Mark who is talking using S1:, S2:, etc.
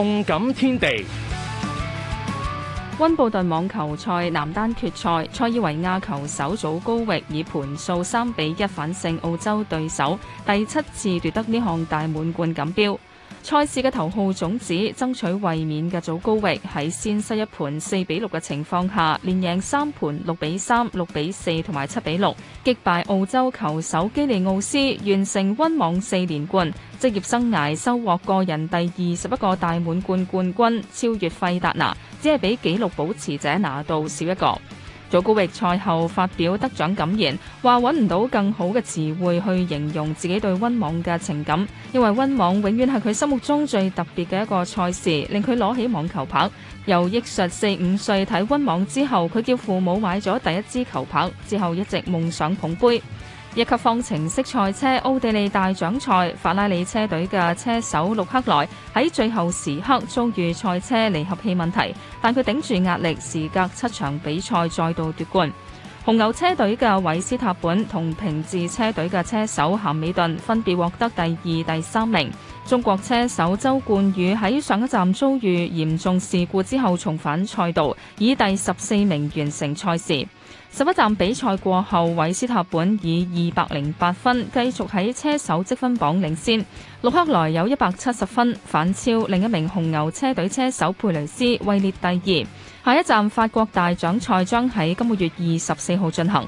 S1: 動感天地，溫布頓網球賽男單決賽，塞爾維亞球手祖高域以盤數三比一反勝澳洲對手，第七次奪得呢項大滿貫錦標。賽事嘅頭號種子，爭取衛冕嘅祖高域喺先失一盤四比六嘅情況下，連贏三盤六比三、六比四同埋七比六，擊敗澳洲球手基利奧斯，完成溫網四連冠，職業生涯收穫個人第二十一個大滿貫冠軍，超越費達拿，只係比紀錄保持者拿到少一個。祖高域賽後發表得獎感言，話揾唔到更好嘅詞彙去形容自己對溫網嘅情感，因為溫網永遠係佢心目中最特別嘅一個賽事，令佢攞起網球拍。由憶述四五歲睇溫網之後，佢叫父母買咗第一支球拍，之後一直夢想捧杯。一級方程式賽車奧地利大獎賽，法拉利車隊嘅車手盧克萊喺最後時刻遭遇賽車離合器問題，但佢頂住壓力，時隔七場比賽再度奪冠。紅牛車隊嘅韋斯塔本同平治車隊嘅車手咸美頓分別獲得第二、第三名。中國車手周冠宇喺上一站遭遇嚴重事故之後重返賽道，以第十四名完成賽事。十一站比賽過後，韋斯塔本以二百零八分繼續喺車手積分榜領先，陸克萊有一百七十分，反超另一名紅牛車隊車手佩雷斯，位列第二。下一站法國大獎賽將喺今個月二十四號進行。